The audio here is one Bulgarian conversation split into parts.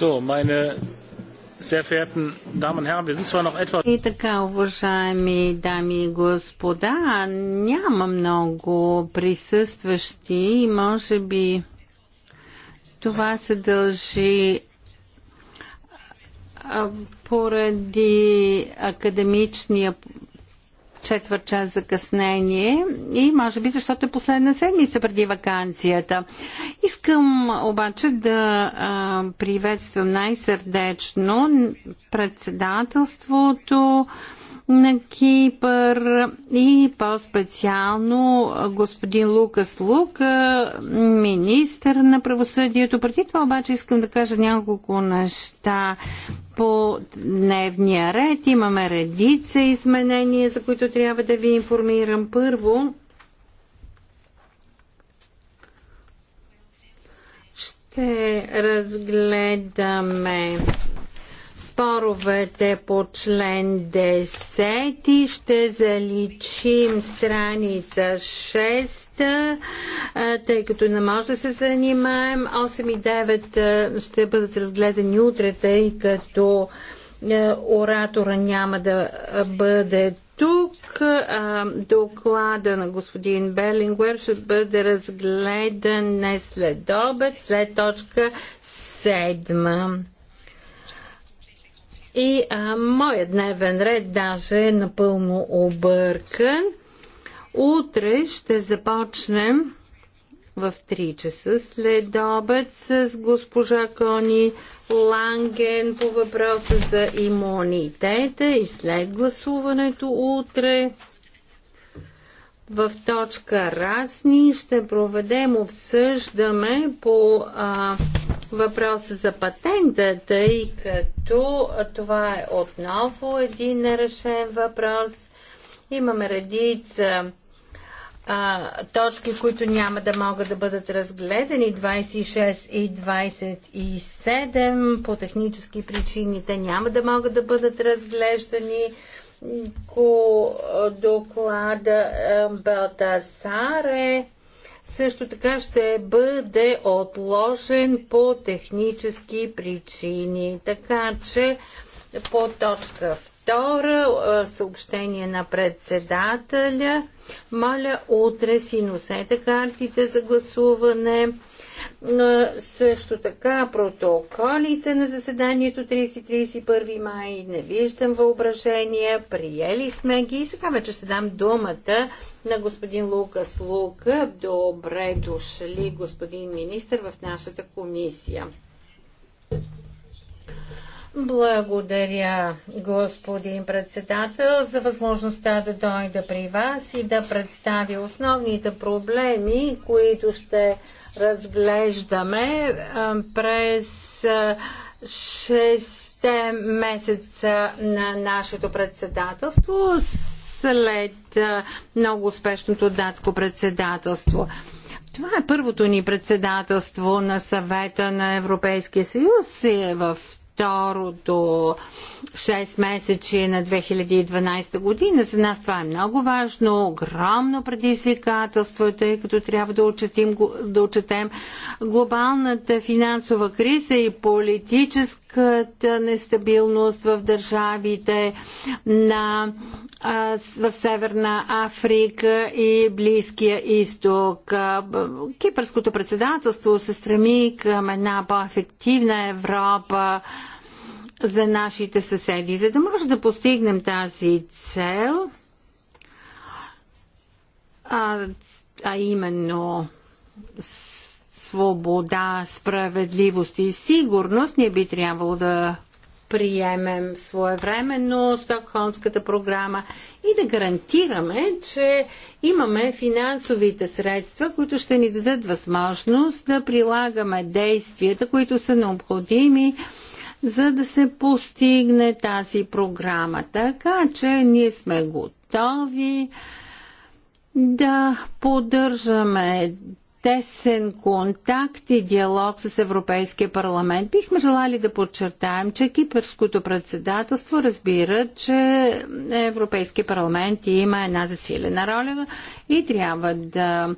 meine sehr verehrten Damen und Herren, wir sind zwar noch etwas... И така, уважаеми дами и господа, няма много присъстващи и може би това се дължи поради академичния четвърт час закъснение и може би защото е последна седмица преди вакансията. Искам обаче да а, приветствам най-сърдечно председателството на Кипър и по-специално господин Лукас Лук, министър на правосъдието. Преди това обаче искам да кажа няколко неща по дневния ред. Имаме редица изменения, за които трябва да ви информирам. Първо, ще разгледаме споровете по член 10 и ще заличим страница 6 тъй като не може да се занимаем. 8 и 9 ще бъдат разгледани утре, тъй като оратора няма да бъде тук. Доклада на господин Белингуер ще бъде разгледан не след обед, след точка 7. И а, моят дневен ред даже е напълно объркан. Утре ще започнем в 3 часа след обед с госпожа Кони Ланген по въпроса за имунитета и след гласуването утре в точка разни ще проведем обсъждаме по а, въпроса за патента, тъй като това е отново един нарешен въпрос. Имаме редица а, точки, които няма да могат да бъдат разгледани, 26 и 27, по технически причини те няма да могат да бъдат разглеждани. Ко доклада Балтасаре също така ще бъде отложен по технически причини. Така че по точка Втора съобщение на председателя. Моля, утре си носете картите за гласуване. Също така протоколите на заседанието 30-31 май не виждам въображение. Приели сме ги и сега вече ще дам думата на господин Лукас Лука. Добре дошли, господин министр, в нашата комисия. Благодаря, господин председател, за възможността да дойда при вас и да представя основните проблеми, които ще разглеждаме през 6 месеца на нашето председателство след много успешното датско председателство. Това е първото ни председателство на съвета на Европейския съюз и е в до 6 месечи на 2012 година. За нас това е много важно, огромно предизвикателство, тъй като трябва да отчетем, да отчетем глобалната финансова криза и политическата нестабилност в държавите на, в Северна Африка и Близкия изток. Кипърското председателство се стреми към една по-ефективна Европа, за нашите съседи. За да може да постигнем тази цел, а, а именно свобода, справедливост и сигурност, ние би трябвало да приемем своевременно Стокхолмската програма и да гарантираме, че имаме финансовите средства, които ще ни дадат възможност да прилагаме действията, които са необходими за да се постигне тази програма. Така че ние сме готови да поддържаме тесен контакт и диалог с Европейския парламент. Бихме желали да подчертаем, че кипърското председателство разбира, че Европейския парламент има една засилена роля и трябва да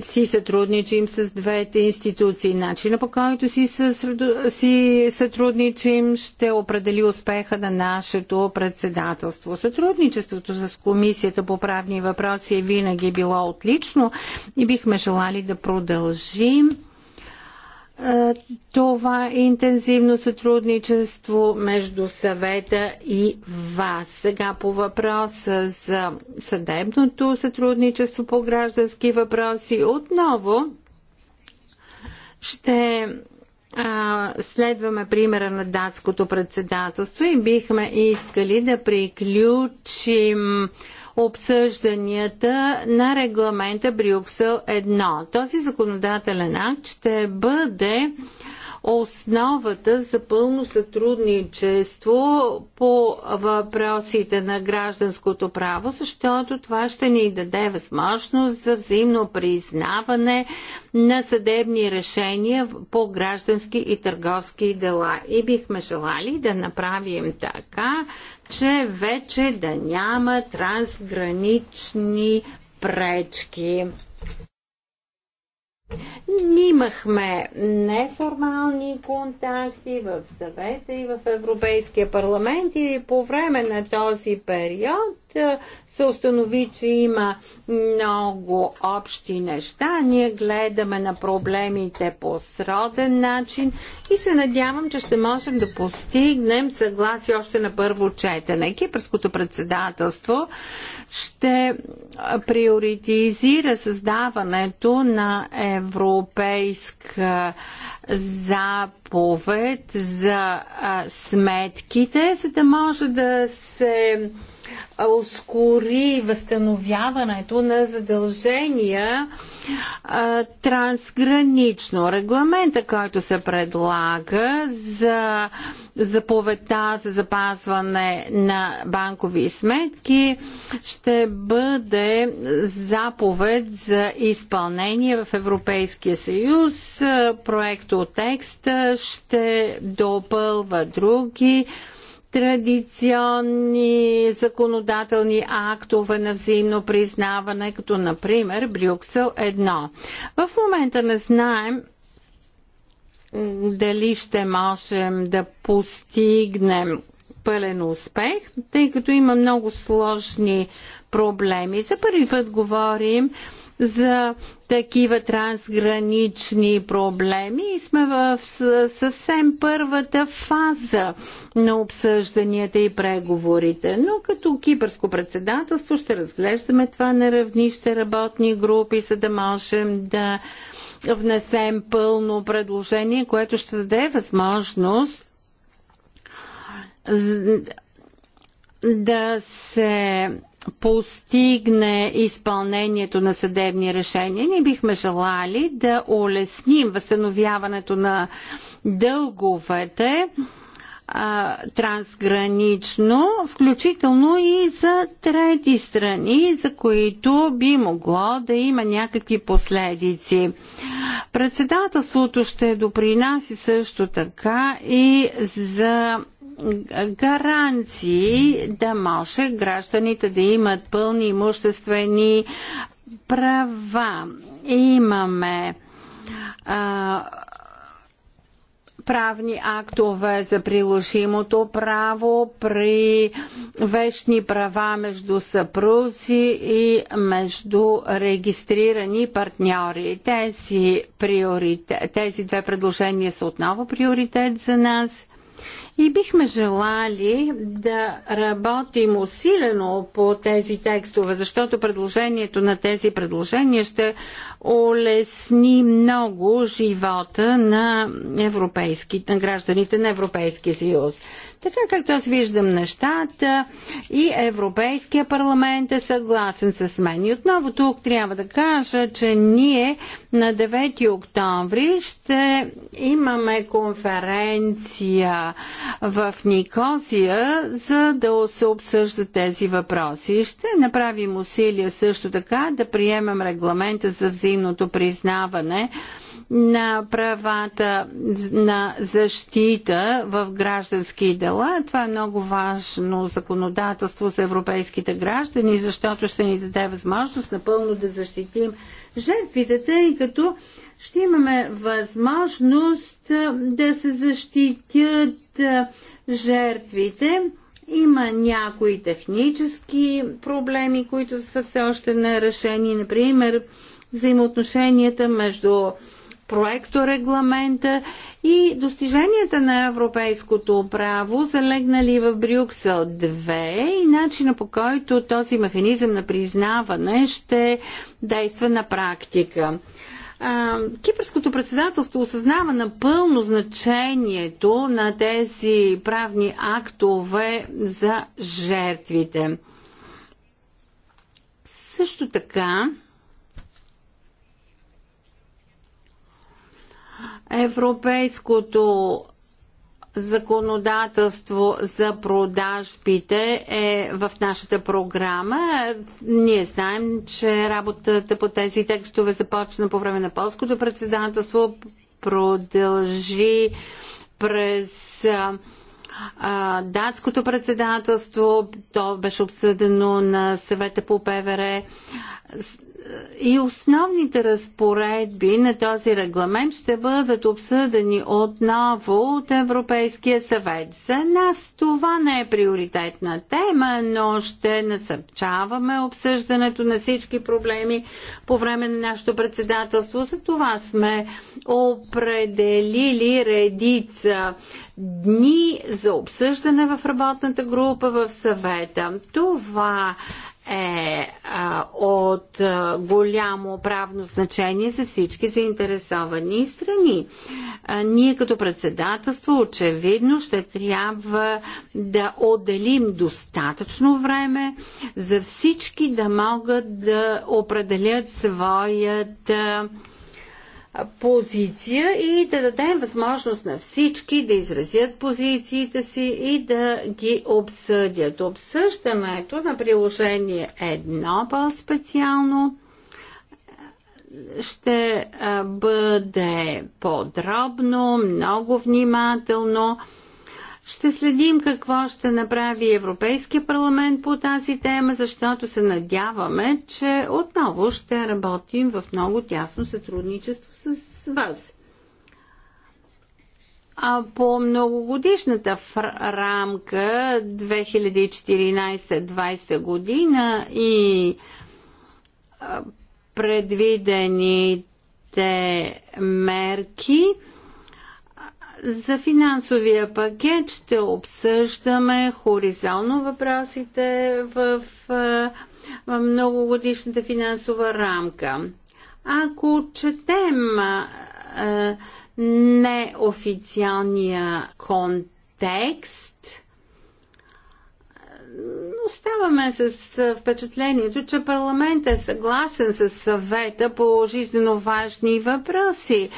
си сътрудничим с двете институции. Начина по който си, съсредо... си сътрудничим ще определи успеха на нашето председателство. Сътрудничеството с Комисията по правни въпроси е винаги било отлично и бихме желали да продължим това интензивно сътрудничество между съвета и вас. Сега по въпроса за съдебното сътрудничество по граждански въпроси отново ще а, следваме примера на датското председателство и бихме искали да приключим обсъжданията на регламента Брюксел 1. Този законодателен акт ще бъде основата за пълно сътрудничество по въпросите на гражданското право, защото това ще ни даде възможност за взаимно признаване на съдебни решения по граждански и търговски дела. И бихме желали да направим така, че вече да няма трансгранични пречки имахме неформални контакти в съвета и в Европейския парламент и по време на този период се установи, че има много общи неща. Ние гледаме на проблемите по сроден начин и се надявам, че ще можем да постигнем съгласие още на първо четене. Кипърското председателство ще приоритизира създаването на европейска заповед за сметките, за да може да се ускори възстановяването на задължения а, трансгранично. Регламента, който се предлага за заповедта за запазване на банкови сметки, ще бъде заповед за изпълнение в Европейския съюз. текста ще допълва други традиционни законодателни актове на взаимно признаване, като например Брюксел 1. В момента не знаем дали ще можем да постигнем пълен успех, тъй като има много сложни проблеми. За първи път говорим за такива трансгранични проблеми и сме в съвсем първата фаза на обсъжданията и преговорите. Но като кипърско председателство ще разглеждаме това на равнище работни групи, за да можем да внесем пълно предложение, което ще даде възможност да се постигне изпълнението на съдебни решения. Ние бихме желали да улесним възстановяването на дълговете а, трансгранично, включително и за трети страни, за които би могло да има някакви последици. Председателството ще допринаси също така и за гаранции да може гражданите да имат пълни имуществени права. Имаме а, правни актове за приложимото право при вечни права между съпрузи и между регистрирани партньори. Тези, тези две предложения са отново приоритет за нас. И бихме желали да работим усилено по тези текстове, защото предложението на тези предложения ще улесни много живота на, европейски, на гражданите на Европейския съюз. Така както аз виждам нещата и Европейския парламент е съгласен с мен. И отново тук трябва да кажа, че ние на 9 октомври ще имаме конференция в Никосия, за да се обсъждат тези въпроси. Ще направим усилия също така да приемем регламента за взаимодействие взаимното признаване на правата на защита в граждански дела. Това е много важно законодателство за европейските граждани, защото ще ни даде възможност напълно да защитим жертвите, тъй като ще имаме възможност да се защитят жертвите. Има някои технически проблеми, които са все още нерешени. Например, взаимоотношенията между проекторегламента и достиженията на европейското право, залегнали в Брюксел 2 и начина по който този механизъм на признаване ще действа на практика. Кипърското председателство осъзнава напълно значението на тези правни актове за жертвите. Също така, Европейското законодателство за продажбите е в нашата програма. Ние знаем, че работата по тези текстове започна по време на полското председателство, продължи през датското председателство, то беше обсъдено на съвета по ПВР и основните разпоредби на този регламент ще бъдат обсъдени отново от Европейския съвет. За нас това не е приоритетна тема, но ще насърчаваме обсъждането на всички проблеми по време на нашето председателство. За това сме определили редица дни за обсъждане в работната група в съвета. Това е а, от а, голямо правно значение за всички заинтересовани страни. А, ние като председателство очевидно ще трябва да отделим достатъчно време за всички да могат да определят своята а, позиция и да дадем възможност на всички да изразят позициите си и да ги обсъдят. Обсъждането на приложение едно по-специално ще бъде подробно, много внимателно ще следим какво ще направи Европейския парламент по тази тема, защото се надяваме, че отново ще работим в много тясно сътрудничество с вас. А по многогодишната рамка 2014-2020 година и предвидените мерки – за финансовия пакет ще обсъждаме хоризонтално въпросите в многогодишната финансова рамка. Ако четем неофициалния контекст, оставаме с впечатлението, че парламент е съгласен с съвета по жизненно важни въпроси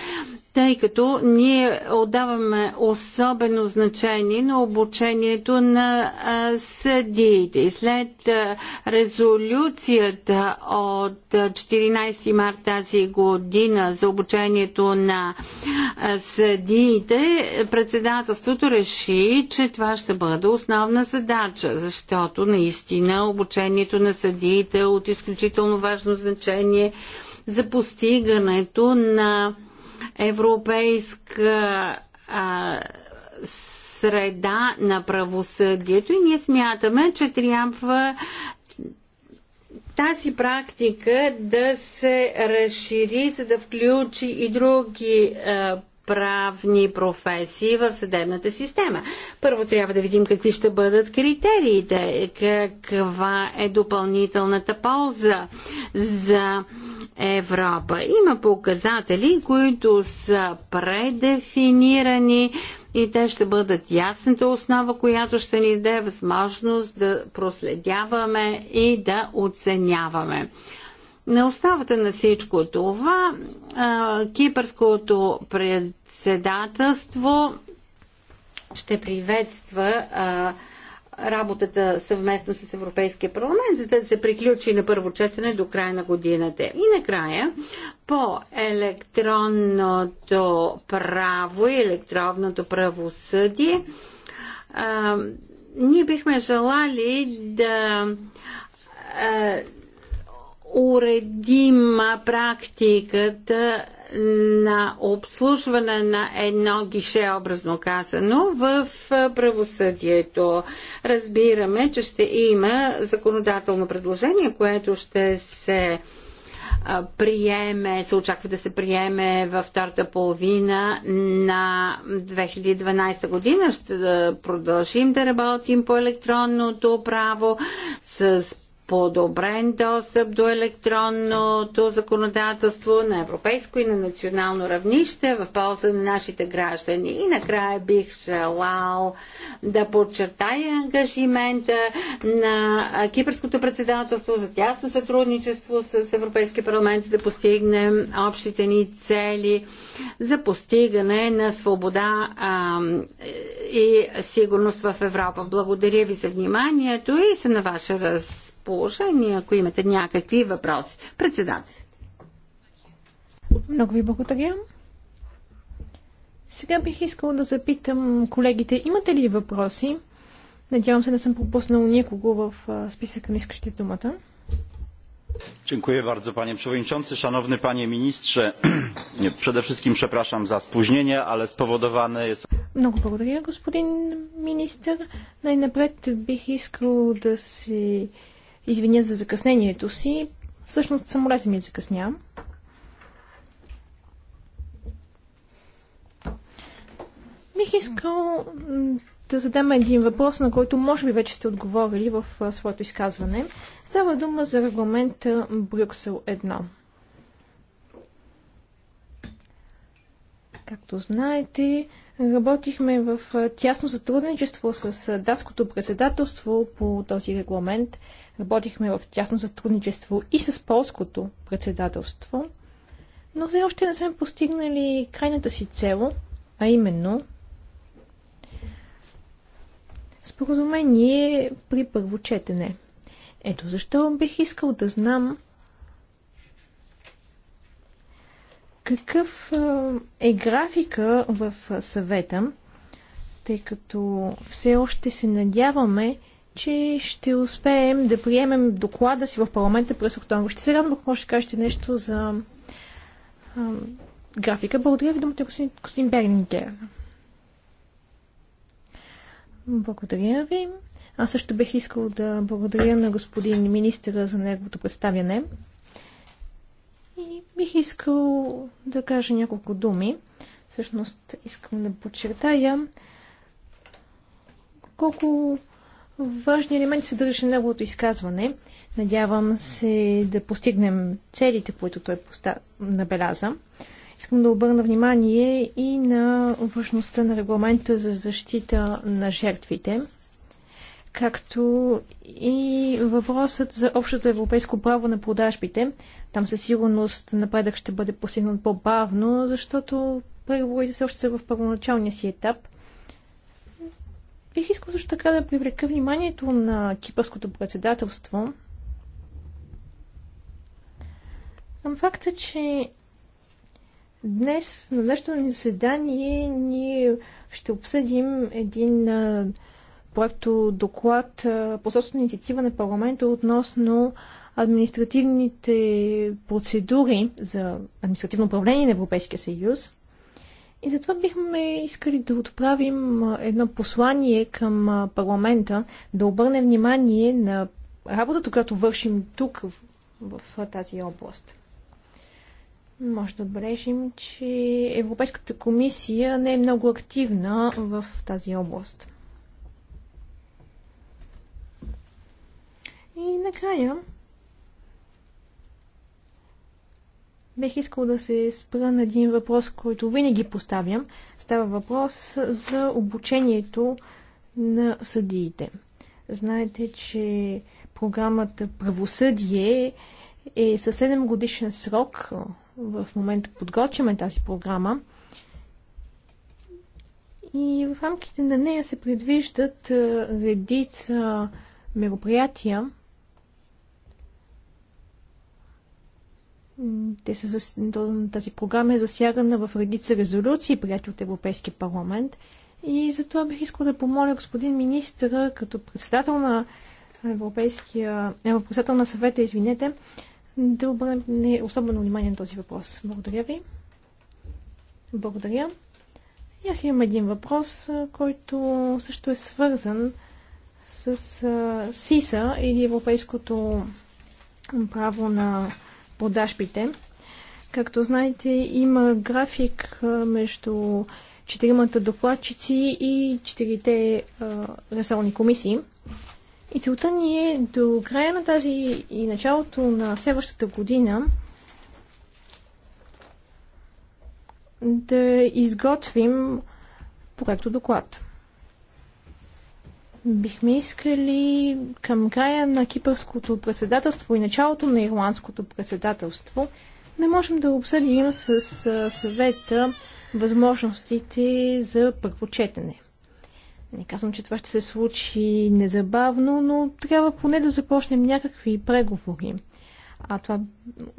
тъй като ние отдаваме особено значение на обучението на съдиите. След резолюцията от 14 март тази година за обучението на съдиите, председателството реши, че това ще бъде основна задача, защото наистина обучението на съдиите е от изключително важно значение за постигането на европейска а, среда на правосъдието и ние смятаме, че трябва тази практика да се разшири, за да включи и други а, правни професии в съдебната система. Първо трябва да видим какви ще бъдат критериите, каква е допълнителната полза за Европа. Има показатели, които са предефинирани и те ще бъдат ясната основа, която ще ни даде възможност да проследяваме и да оценяваме. На основата на всичко това, кипърското председателство ще приветства работата съвместно с Европейския парламент, за да се приключи на първо четене до края на годината. И накрая, по електронното право и електронното правосъдие, а, ние бихме желали да а, уредим практиката на обслужване на едно гише, образно казано, в правосъдието. Разбираме, че ще има законодателно предложение, което ще се приеме, се очаква да се приеме във втората половина на 2012 година. Ще продължим да работим по електронното право с подобрен достъп до електронното законодателство на европейско и на национално равнище в полза на нашите граждани. И накрая бих желал да подчертая ангажимента на Кипърското председателство за тясно сътрудничество с Европейския парламент, да постигнем общите ни цели за постигане на свобода и сигурност в Европа. Благодаря ви за вниманието и се на ваша разпределение разположение, ако имате някакви въпроси. Председател. Много ви благодаря. Сега бих искала да запитам колегите, имате ли въпроси? Надявам се да съм пропуснал никого в списъка на искащите думата. Dziękuję bardzo panie przewodniczący, szanowny panie ministrze. Przede wszystkim przepraszam za spóźnienie, ale spowodowane jest... Много благодаря, господин министр. Най-напред бих искал да си извиня за закъснението си. Всъщност самолетът ми закъсня. Бих искал да задам един въпрос, на който може би вече сте отговорили в своето изказване. Става дума за регламента Брюксел 1. Както знаете, работихме в тясно сътрудничество с датското председателство по този регламент Работихме в тясно сътрудничество и с полското председателство, но все още не сме постигнали крайната си цел, а именно споразумение при първо четене. Ето защо бих искал да знам какъв е графика в съвета, тъй като все още се надяваме че ще успеем да приемем доклада си в парламента през октомври. Ще се радвам, ако да кажете нещо за а, графика. Благодаря ви, думата е господин, господин Благодаря ви. Аз също бих искал да благодаря на господин министъра за неговото представяне. И бих искал да кажа няколко думи. Всъщност искам да подчертая колко важни елементи държаше неговото изказване. Надявам се да постигнем целите, които той поста... набеляза. Искам да обърна внимание и на важността на регламента за защита на жертвите, както и въпросът за общото европейско право на продажбите. Там със сигурност напредък ще бъде постигнат по-бавно, защото преговорите се още са в първоначалния си етап Бих искал също така да привлека вниманието на кипърското председателство към факта, че днес на днешното ни заседание ние ще обсъдим един проекто доклад по собствена инициатива на парламента относно административните процедури за административно управление на Европейския съюз. И затова бихме искали да отправим едно послание към парламента, да обърне внимание на работата, която вършим тук в, в тази област. Може да отбележим, че Европейската комисия не е много активна в тази област. И накрая Бех искал да се спра на един въпрос, който винаги поставям. Става въпрос за обучението на съдиите. Знаете, че програмата Правосъдие е със 7 годишен срок. В момента подготвяме тази програма. И в рамките на нея се предвиждат редица мероприятия, Те са, тази програма е засягана в редица резолюции, прияти от Европейския парламент. И затова бих искала да помоля господин министъра, като председател на Европейския, е, председател на съвета, извинете, да обърне особено внимание на този въпрос. Благодаря ви. Благодаря. И аз имам един въпрос, който също е свързан с СИСА или Европейското право на продажбите. Както знаете, има график между четиримата докладчици и четирите ресорни комисии. И целта ни е до края на тази и началото на следващата година да изготвим проекто доклад. Бихме искали към края на кипърското председателство и началото на ирландското председателство не можем да обсъдим с съвета възможностите за първочетене. Не казвам, че това ще се случи незабавно, но трябва поне да започнем някакви преговори. А това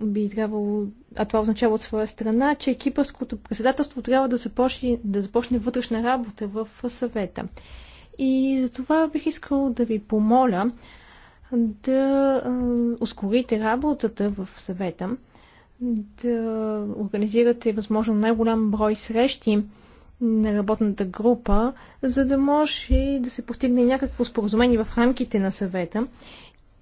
би трябвало, а това означава от своя страна, че кипърското председателство трябва да започне, да започне вътрешна работа в съвета. И за това бих искал да ви помоля да ускорите работата в съвета, да организирате възможно най-голям брой срещи на работната група, за да може да се постигне някакво споразумение в рамките на съвета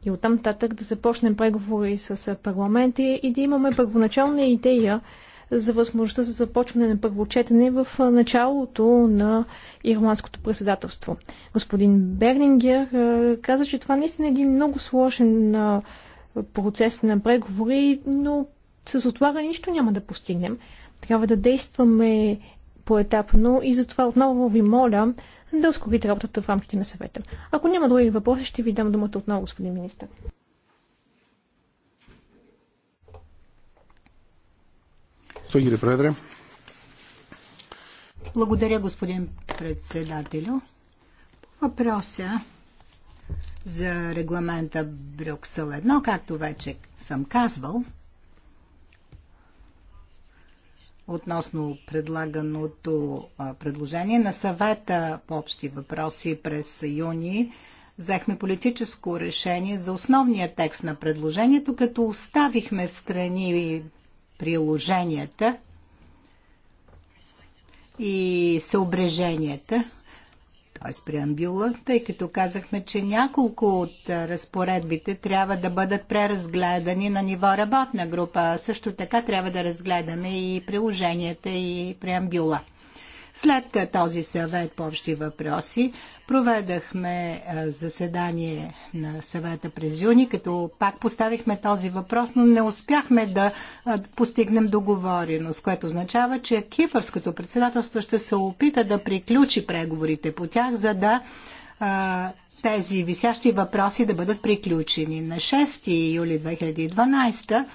и оттам татък да започнем преговори с парламента и да имаме първоначална идея за възможността за започване на първо четене в началото на ирландското председателство. Господин Берлингер каза, че това наистина е един много сложен процес на преговори, но с отлагане нищо няма да постигнем. Трябва да действаме поетапно и затова отново ви моля да ускорите работата в рамките на съвета. Ако няма други въпроси, ще ви дам думата отново, господин министър. Благодаря господин председателю. По въпроса за регламента Брюксел 1, както вече съм казвал, относно предлаганото предложение на съвета по общи въпроси през юни, взехме политическо решение за основния текст на предложението, като оставихме в страни приложенията и съображенията, т.е. преамбюла, тъй като казахме, че няколко от разпоредбите трябва да бъдат преразгледани на ниво работна група. Също така трябва да разгледаме и приложенията и преамбюла. След този съвет по общи въпроси проведахме заседание на съвета през юни, като пак поставихме този въпрос, но не успяхме да постигнем договореност, което означава, че кипърското председателство ще се опита да приключи преговорите по тях, за да тези висящи въпроси да бъдат приключени. На 6 юли 2012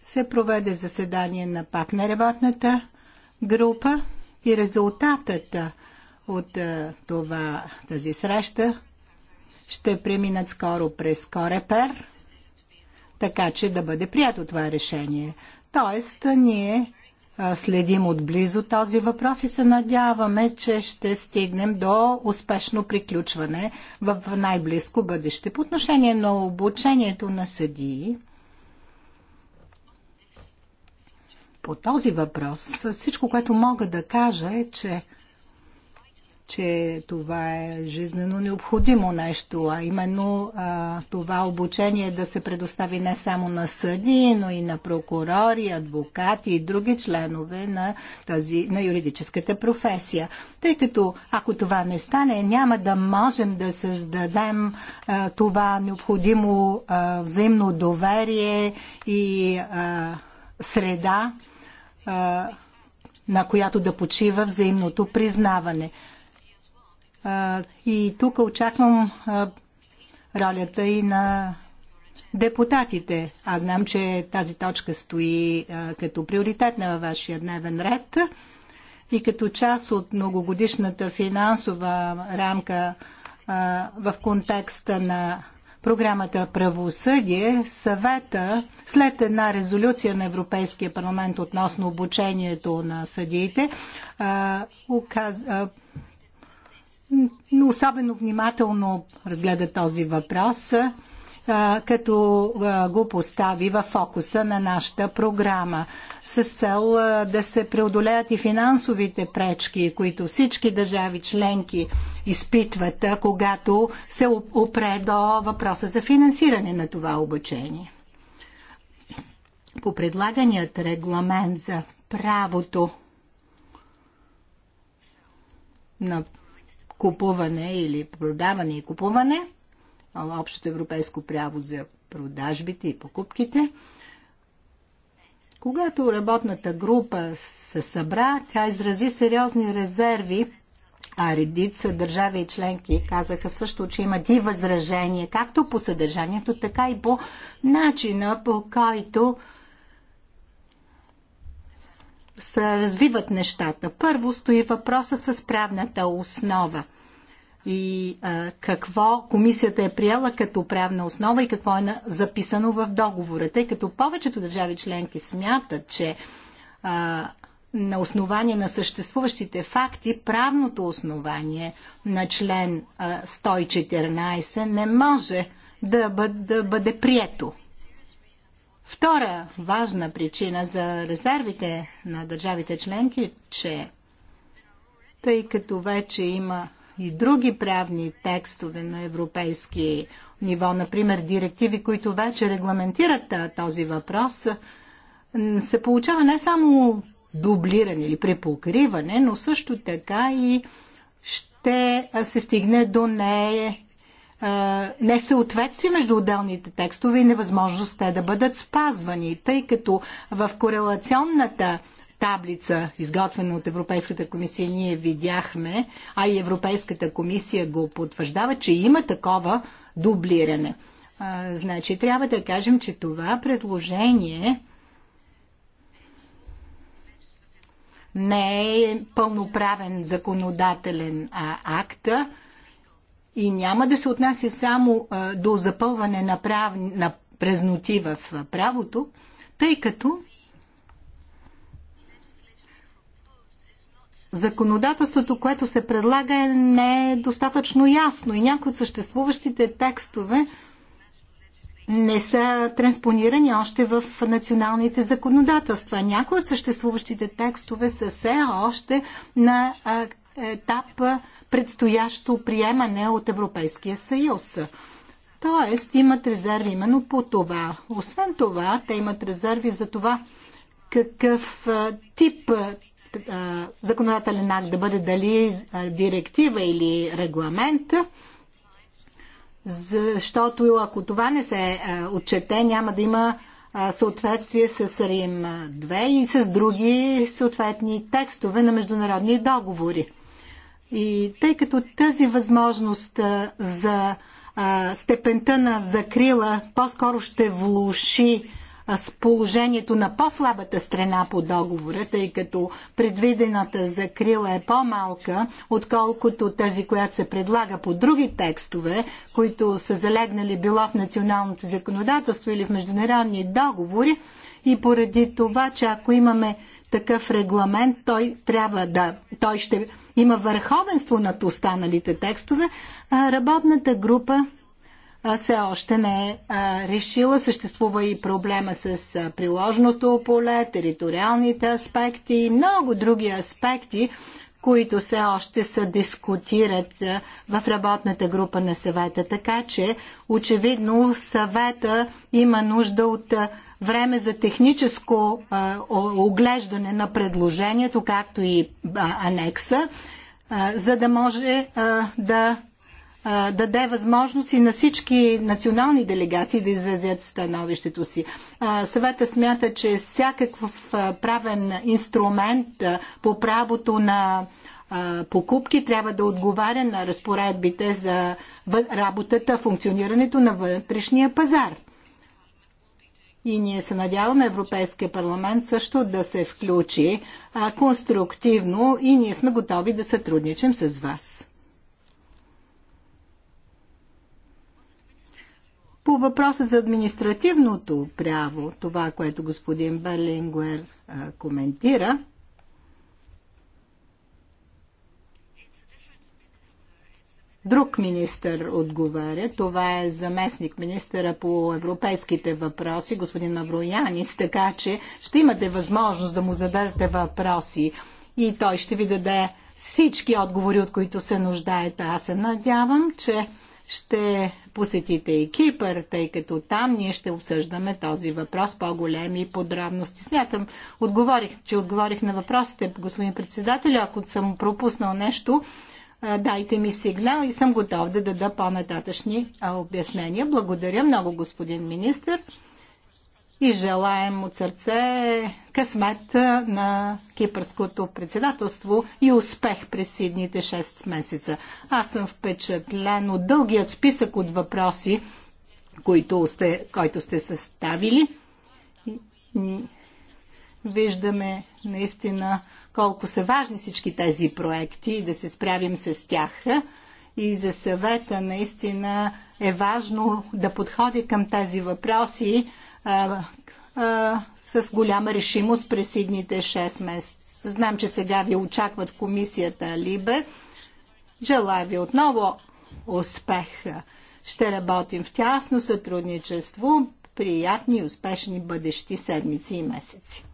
се проведе заседание на пак на работната група и резултатът от това, тази среща ще преминат скоро през Корепер, така че да бъде прието това решение. Тоест, ние следим отблизо този въпрос и се надяваме, че ще стигнем до успешно приключване в най-близко бъдеще. По отношение на обучението на съдии, по този въпрос, всичко, което мога да кажа е, че, че това е жизнено необходимо нещо, а именно а, това обучение да се предостави не само на съди, но и на прокурори, адвокати и други членове на, тази, на юридическата професия. Тъй като ако това не стане, няма да можем да създадем а, това необходимо а, взаимно доверие и а, среда, на която да почива взаимното признаване. И тук очаквам ролята и на депутатите. Аз знам, че тази точка стои като приоритетна във вашия дневен ред и като част от многогодишната финансова рамка в контекста на програмата Правосъдие, съвета след една резолюция на Европейския парламент относно обучението на съдиите, особено внимателно разгледа този въпрос като го постави в фокуса на нашата програма с цел да се преодолеят и финансовите пречки, които всички държави членки изпитват, когато се опре до въпроса за финансиране на това обучение. По предлаганият регламент за правото на купуване или продаване и купуване – общото европейско право за продажбите и покупките. Когато работната група се събра, тя изрази сериозни резерви, а редица държави и членки казаха също, че имат и възражения, както по съдържанието, така и по начина, по който се развиват нещата. Първо стои въпроса с правната основа – и а, какво комисията е приела като правна основа и какво е записано в договора. Тъй като повечето държави членки смятат, че а, на основание на съществуващите факти, правното основание на член а, 114 не може да бъде, да бъде прието. Втора важна причина за резервите на държавите членки, че тъй като вече има и други правни текстове на европейски ниво, например директиви, които вече регламентират този въпрос, се получава не само дублиране или препокриване, но също така и ще се стигне до не, несъответствие между отделните текстове и невъзможност те да бъдат спазвани, тъй като в корелационната таблица, изготвена от Европейската комисия, ние видяхме, а и Европейската комисия го потвърждава, че има такова дублиране. А, значи, трябва да кажем, че това предложение не е пълноправен законодателен а, акт и няма да се отнася само а, до запълване на, прав... на празноти в правото, тъй като законодателството, което се предлага, е не е достатъчно ясно и някои от съществуващите текстове не са транспонирани още в националните законодателства. Някои от съществуващите текстове са все още на етап предстоящо приемане от Европейския съюз. Тоест имат резерви именно по това. Освен това, те имат резерви за това какъв тип законодателен акт да бъде дали директива или регламент, защото ако това не се отчете, няма да има съответствие с Рим 2 и с други съответни текстове на международни договори. И тъй като тази възможност за степента на закрила по-скоро ще влуши с положението на по-слабата страна по договора, тъй като предвидената закрила е по-малка, отколкото тази, която се предлага по други текстове, които са залегнали било в националното законодателство или в международни договори. И поради това, че ако имаме такъв регламент, той трябва да, той ще има върховенство над останалите текстове, работната група все още не е решила. Съществува и проблема с приложното поле, териториалните аспекти и много други аспекти, които все още се дискутират в работната група на съвета. Така че, очевидно, съвета има нужда от време за техническо оглеждане на предложението, както и анекса, за да може да даде възможност и на всички национални делегации да изразят становището си. съвета смята, че всякакъв правен инструмент по правото на покупки трябва да отговаря на разпоредбите за работата, функционирането на вътрешния пазар. И ние се надяваме Европейския парламент също да се включи конструктивно и ние сме готови да сътрудничим с вас. По въпроса за административното право, това, което господин Берлингуер а, коментира, друг министър отговаря. Това е заместник министъра по европейските въпроси, господин Мавроянис, така че ще имате възможност да му зададете въпроси и той ще ви даде всички отговори, от които се нуждаете. Аз се надявам, че ще посетите и Кипър, тъй като там ние ще обсъждаме този въпрос по-големи подробности. Смятам, отговорих, че отговорих на въпросите, господин председател. Ако съм пропуснал нещо, дайте ми сигнал и съм готов да дада по-нататъчни обяснения. Благодаря много, господин министр и желаем от сърце късмет на кипърското председателство и успех през следните 6 месеца. Аз съм впечатлен от дългият списък от въпроси, които сте, който сте съставили. Виждаме наистина колко са важни всички тези проекти и да се справим с тях. И за съвета наистина е важно да подходи към тези въпроси а, а, с голяма решимост през идните 6 месеца. Знам, че сега ви очакват комисията Либе. Желая ви отново успех. Ще работим в тясно сътрудничество. Приятни и успешни бъдещи седмици и месеци.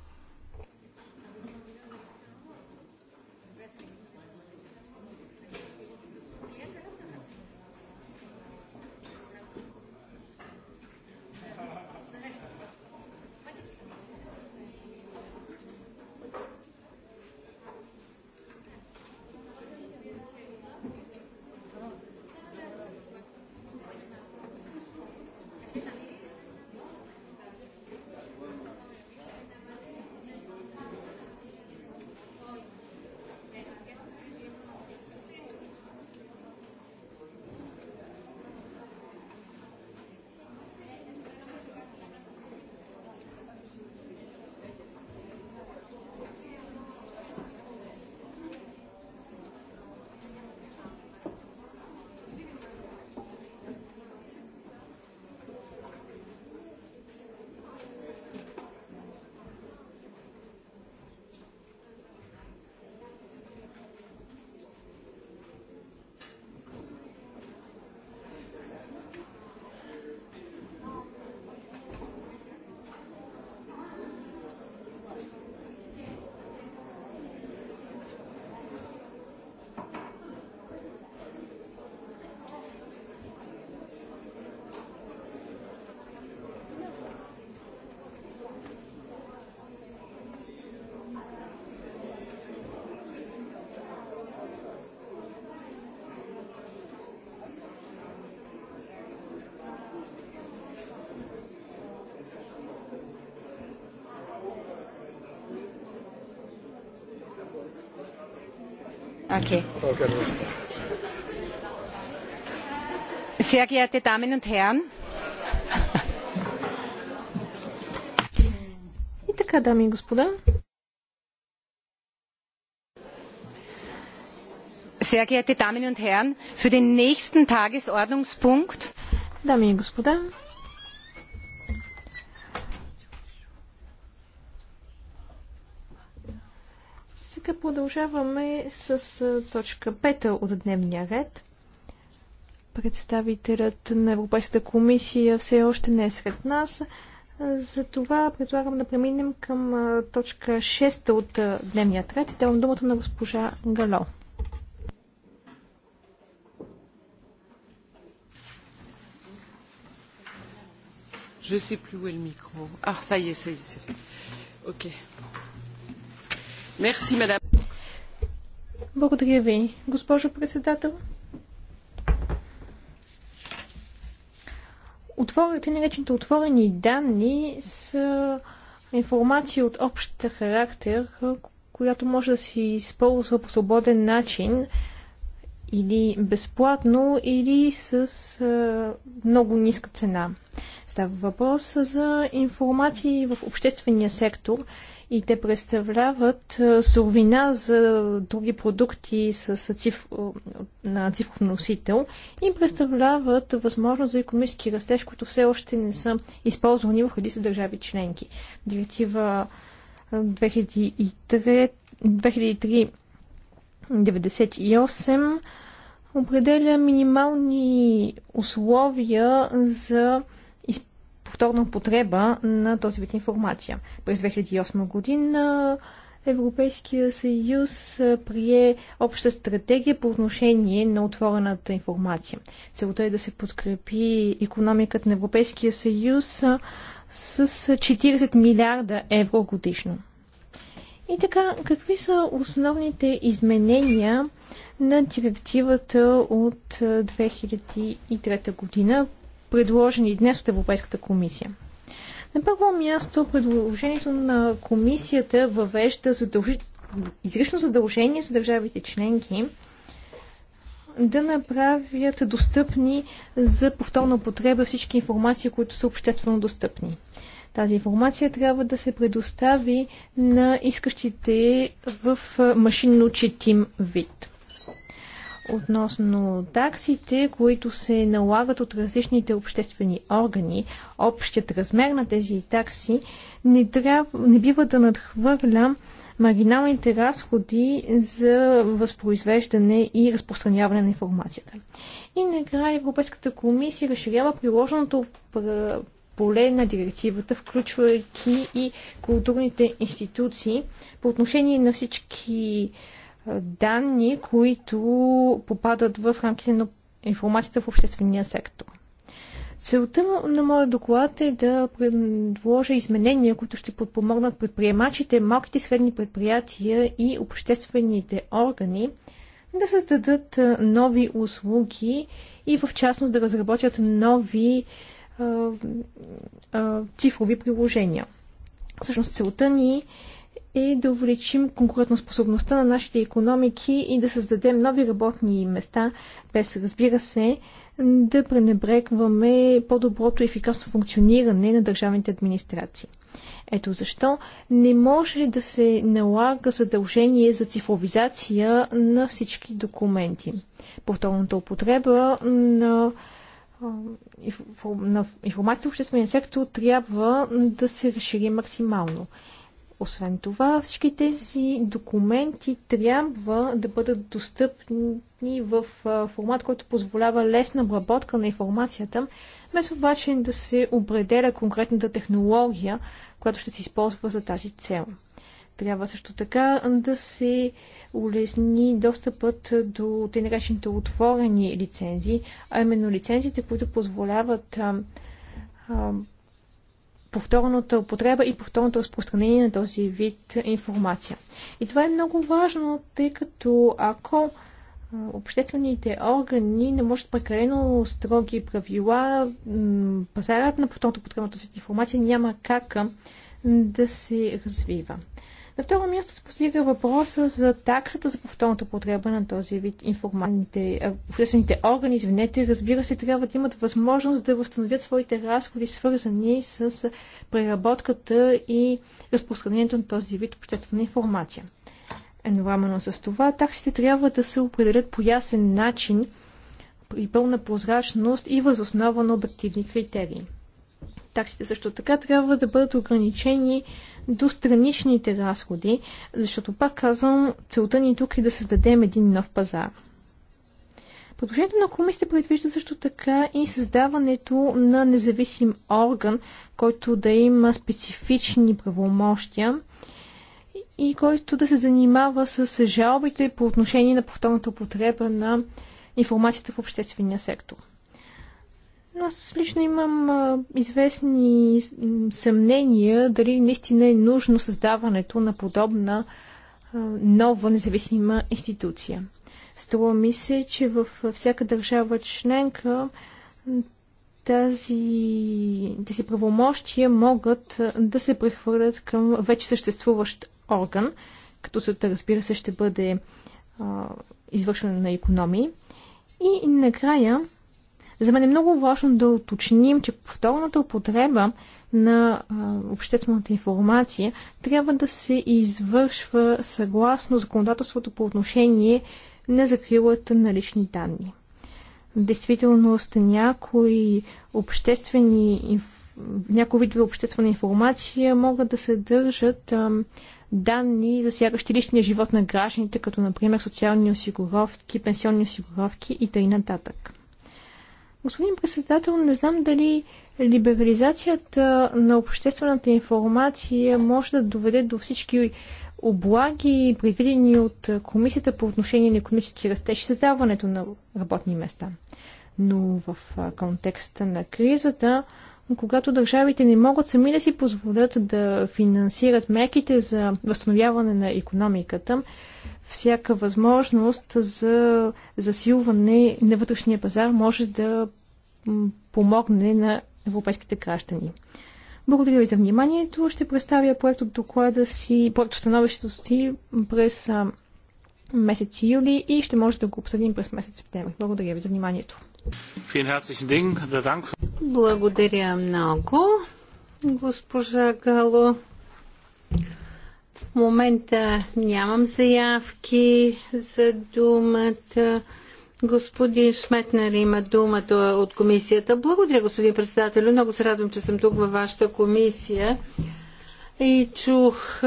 Okay. Sehr geehrte Damen und Herren. И така, дами и господа. Sehr geehrte Damen und Herren, für den nächsten Tagesordnungspunkt. Дами и господа, Продължаваме с точка 5 от дневния ред. Представителят на Европейската комисия все още не е сред нас. Затова предлагам да преминем към точка 6 от дневния ред и давам думата на госпожа Гало. Je sais plus où est le micro. Ah, ça y est, ça y est, c'est fait. Ok. Merci, madame. Благодаря ви, госпожо председател. Отворите, наречените отворени данни са информация от общ характер, която може да се използва по свободен начин или безплатно, или с а, много ниска цена. Става въпрос за информации в обществения сектор и те представляват суровина за други продукти с циф... на цифров носител и представляват възможност за економически растеж, които все още не са използвани в редица държави членки. Директива 2003, 2003 98 определя минимални условия за повторна употреба на този вид информация. През 2008 година Европейския съюз прие обща стратегия по отношение на отворената информация. Целта е да се подкрепи економиката на Европейския съюз с 40 милиарда евро годишно. И така, какви са основните изменения на директивата от 2003 година, предложени днес от Европейската комисия. На първо място предложението на комисията въвежда задължи... изрично задължение за държавите членки да направят достъпни за повторна употреба всички информации, които са обществено достъпни. Тази информация трябва да се предостави на искащите в машинно четим вид относно таксите, които се налагат от различните обществени органи. Общият размер на тези такси не, трябва, не бива да надхвърля маргиналните разходи за възпроизвеждане и разпространяване на информацията. И накрая Европейската комисия разширява приложеното поле на директивата, включвайки и културните институции по отношение на всички данни, които попадат в рамките на информацията в обществения сектор. Целта на моя доклад е да предложа изменения, които ще подпомогнат предприемачите, малките и средни предприятия и обществените органи да създадат нови услуги и в частност да разработят нови а, а, цифрови приложения. Всъщност целта ни е е да увеличим конкурентоспособността на нашите економики и да създадем нови работни места, без, разбира се, да пренебрегваме по-доброто и ефикасно функциониране на държавните администрации. Ето защо не може да се налага задължение за цифровизация на всички документи. Повторната употреба на на информацията в обществения сектор трябва да се разшири максимално. Освен това, всички тези документи трябва да бъдат достъпни в формат, който позволява лесна обработка на информацията, без обаче да се определя конкретната технология, която ще се използва за тази цел. Трябва също така да се улесни достъпът до тъй наречените отворени лицензии, а именно лицензиите, които позволяват повторната употреба и повторното разпространение на този вид информация. И това е много важно, тъй като ако обществените органи не могат прекалено строги правила, пазарът на повторното потреба на този вид информация няма как да се развива. На второ място се постига въпроса за таксата за повторната потреба на този вид информалните обществените органи, извинете, разбира се, трябва да имат възможност да възстановят своите разходи, свързани с преработката и разпространението на този вид обществена информация. Едновременно с това, таксите трябва да се определят по ясен начин, при пълна прозрачност и възоснова на обективни критерии. Таксите също така трябва да бъдат ограничени до страничните разходи, защото пак казвам, целта ни тук е да създадем един нов пазар. Продължението на комисията предвижда също така и създаването на независим орган, който да има специфични правомощия и който да се занимава с жалбите по отношение на повторната употреба на информацията в обществения сектор. Аз лично имам а, известни съмнения дали наистина е нужно създаването на подобна а, нова независима институция. Струва ми се, че в всяка държава членка тази, тези правомощия могат да се прехвърлят към вече съществуващ орган, като се разбира се, ще бъде а, извършване на економии. И накрая за мен е много важно да уточним, че повторната употреба на обществената информация трябва да се извършва съгласно законодателството по отношение на закрилата на лични данни. В действителност някои обществени някои видове обществена информация могат да съдържат а, данни, засягащи личния живот на гражданите, като например социални осигуровки, пенсионни осигуровки и т.н. нататък. Господин председател, не знам дали либерализацията на обществената информация може да доведе до всички облаги, предвидени от комисията по отношение на економически растеж и създаването на работни места. Но в контекста на кризата когато държавите не могат сами да си позволят да финансират мерките за възстановяване на економиката, всяка възможност за засилване на вътрешния пазар може да помогне на европейските граждани. Благодаря ви за вниманието. Ще представя проект от доклада си, проект становището си през месец юли и ще може да го обсъдим през месец септември. Благодаря ви за вниманието. Благодаря много, госпожа Гало. В момента нямам заявки за думата. Господин Шметнер има думата от комисията. Благодаря, господин председател. Много се радвам, че съм тук във вашата комисия и чух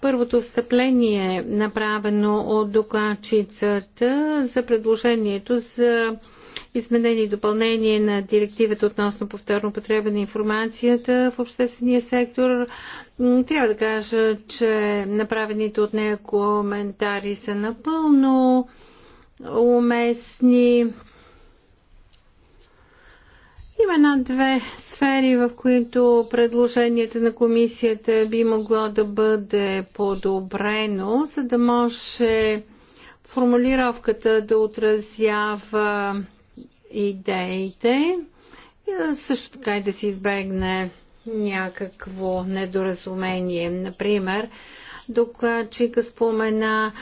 първото встъпление, е направено от докладчицата за предложението за изменение и допълнение на директивата относно повторно потреба на информацията в обществения сектор. Трябва да кажа, че направените от нея коментари са напълно уместни. Има една-две сфери, в които предложението на комисията би могло да бъде подобрено, за да може формулировката да отразява идеите и също така и да се избегне някакво недоразумение. Например, докладчика спомена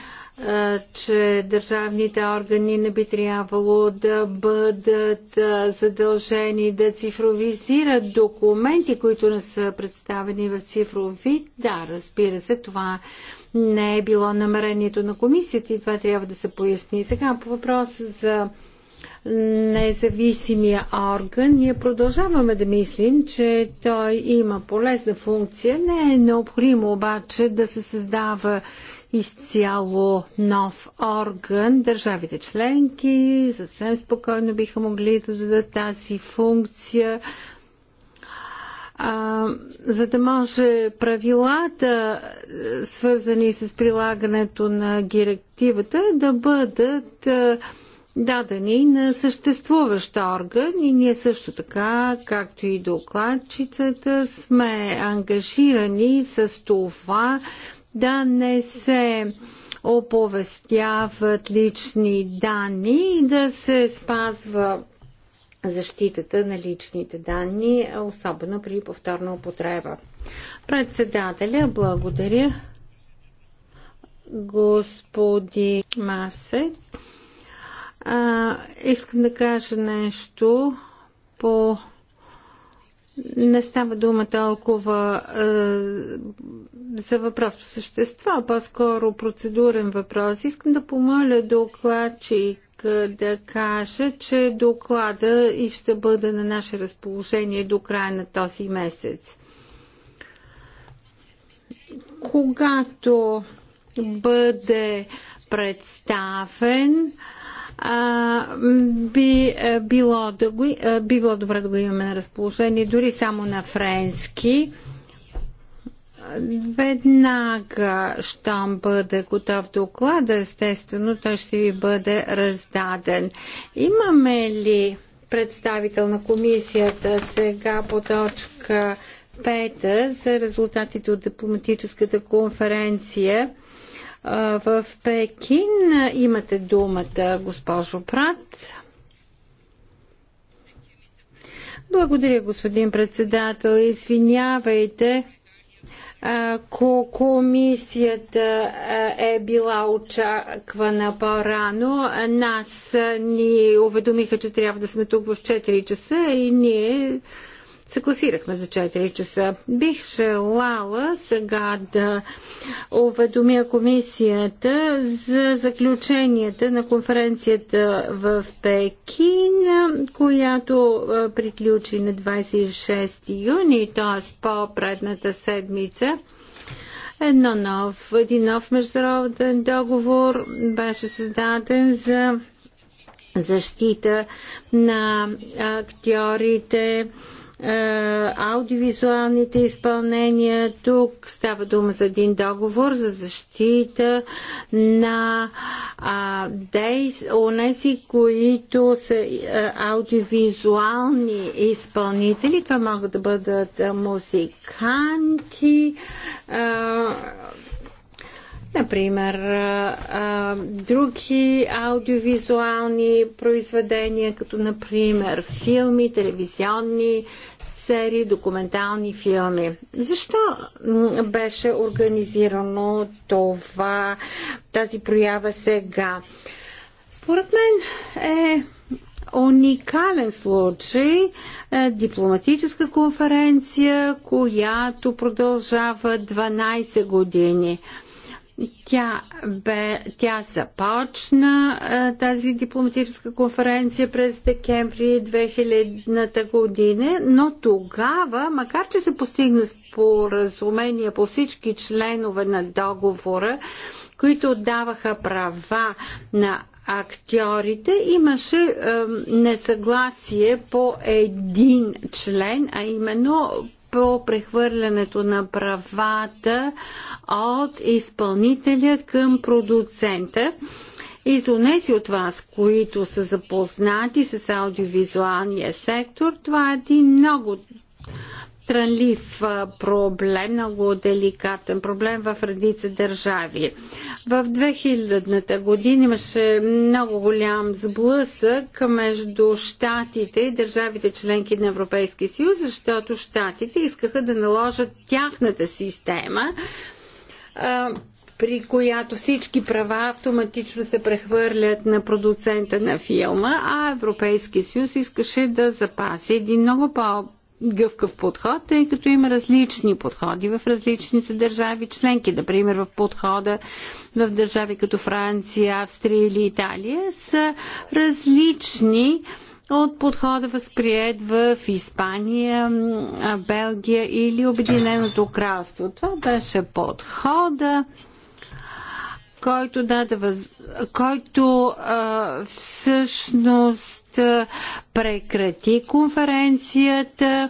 че държавните органи не би трябвало да бъдат задължени да цифровизират документи, които не са представени в цифров вид. Да, разбира се, това не е било намерението на комисията и това трябва да се поясни. Сега по въпрос за независимия орган, ние продължаваме да мислим, че той има полезна функция. Не е необходимо обаче да се създава изцяло нов орган. Държавите членки съвсем спокойно биха могли да дадат тази функция а, за да може правилата, свързани с прилагането на директивата, да бъдат дадени на съществуващ орган и ние също така, както и докладчицата, сме ангажирани с това да не се оповестяват лични данни и да се спазва защитата на личните данни, особено при повторна употреба. Председателя, благодаря. Господи Масе, а, искам да кажа нещо по не става дума толкова е, за въпрос по същество, а по-скоро процедурен въпрос. Искам да помоля докладчик е, да кажа, че доклада и ще бъде на наше разположение до края на този месец. Когато бъде представен, а, би, а, е, било да го, а, е, би било добре да го имаме на разположение, дори само на френски. Веднага, щом бъде готов доклада, естествено, той ще ви бъде раздаден. Имаме ли представител на комисията сега по точка 5 за резултатите от дипломатическата конференция? в Пекин. Имате думата, госпожо Прат. Благодаря, господин председател. Извинявайте, ако комисията е била очаквана по-рано, нас ни уведомиха, че трябва да сме тук в 4 часа и ние се класирахме за 4 часа. Бих желала сега да уведомя комисията за заключенията на конференцията в Пекин, която приключи на 26 юни, т.е. по-предната седмица. Едно нов, един нов международен договор беше създаден за защита на актьорите, е, аудиовизуалните изпълнения. Тук става дума за един договор за защита на а, дейс, онези, които са е, аудиовизуални изпълнители. Това могат да бъдат музиканти, а, Например, други аудиовизуални произведения, като например филми, телевизионни серии, документални филми. Защо беше организирано това, тази проява сега? Според мен е уникален случай е, дипломатическа конференция, която продължава 12 години. Тя, бе, тя започна а, тази дипломатическа конференция през декември 2000 година, но тогава, макар че се постигна споразумение по всички членове на договора, които даваха права на актьорите, имаше е, несъгласие по един член, а именно по прехвърлянето на правата от изпълнителя към продуцента. И за унеси от вас, които са запознати с аудиовизуалния сектор, това е един много Странлив проблем, много деликатен проблем в редица държави. В 2000-та година имаше много голям сблъсък между щатите и държавите членки на Европейския съюз, защото щатите искаха да наложат тяхната система при която всички права автоматично се прехвърлят на продуцента на филма, а Европейския съюз искаше да запаси един много по- гъвкав подход, тъй като има различни подходи в различните държави членки. Например, в подхода в държави като Франция, Австрия или Италия са различни от подхода възприят в Испания, Белгия или Обединеното кралство. Това беше подхода който даде въз... който а, всъщност прекрати конференцията.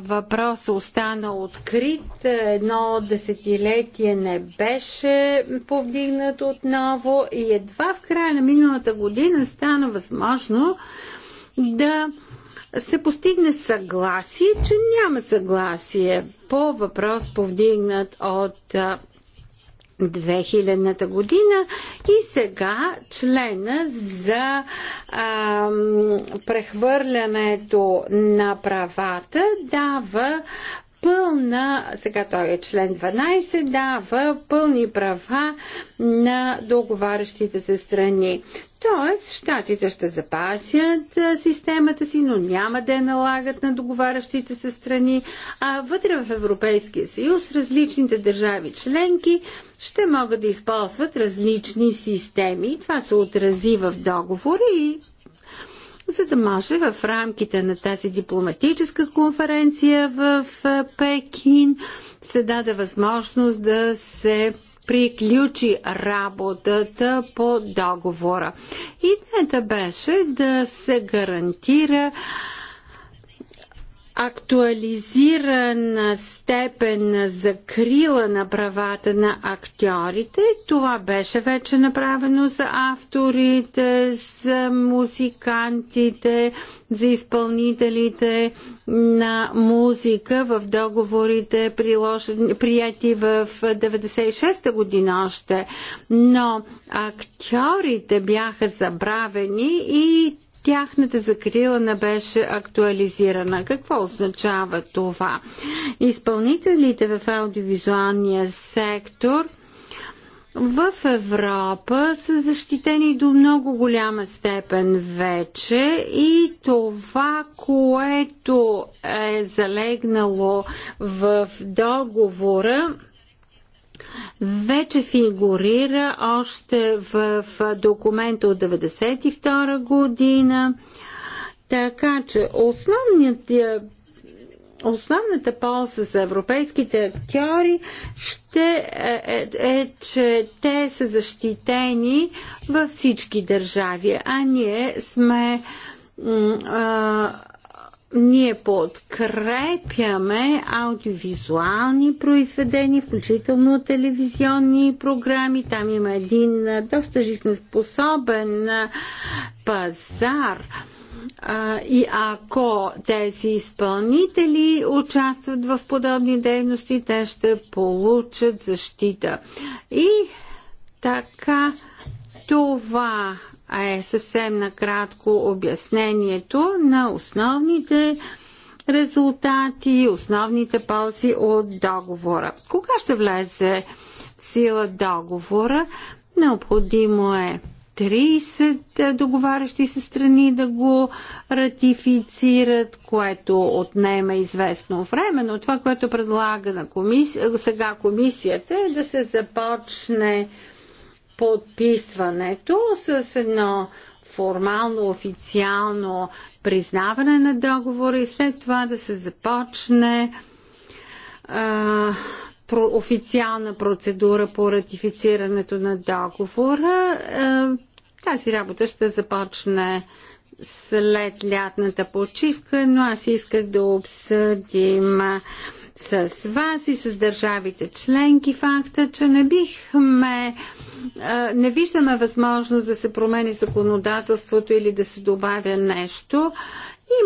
Въпрос остана открит. Едно десетилетие не беше повдигнат отново и едва в края на миналата година стана възможно да се постигне съгласие, че няма съгласие по въпрос повдигнат от 2000-та година и сега члена за а, прехвърлянето на правата дава пълна, сега той е член 12, дава пълни права на договарящите се страни. Тоест, щатите ще запасят системата си, но няма да я налагат на договарящите се страни, а вътре в Европейския съюз различните държави членки ще могат да използват различни системи. Това се отрази в договори и за да може в рамките на тази дипломатическа конференция в Пекин се даде възможност да се приключи работата по договора. Идеята беше да се гарантира актуализирана степен на закрила на правата на актьорите. Това беше вече направено за авторите, за музикантите, за изпълнителите на музика в договорите, прияти в 96-та година още. Но актьорите бяха забравени и тяхната закрила не беше актуализирана. Какво означава това? Изпълнителите в аудиовизуалния сектор в Европа са защитени до много голяма степен вече и това, което е залегнало в договора, вече фигурира още в, в документа от 1992 година. Така че е, основната полза за европейските актьори ще е, е, е, че те са защитени във всички държави, а ние сме а, ние подкрепяме аудиовизуални произведения, включително телевизионни програми. Там има един доста жизнеспособен пазар. И ако тези изпълнители участват в подобни дейности, те ще получат защита. И така това е съвсем накратко обяснението на основните резултати, основните ползи от договора. Кога ще влезе в сила договора? Необходимо е 30 договарящи се страни да го ратифицират, което отнема известно време, но това, което предлага на комисия, сега комисията е да се започне подписването с едно формално, официално признаване на договора и след това да се започне а, про, официална процедура по ратифицирането на договора. А, тази работа ще започне след лятната почивка, но аз исках да обсъдим с вас и с държавите членки факта, че не бихме не виждаме възможност да се промени законодателството или да се добавя нещо.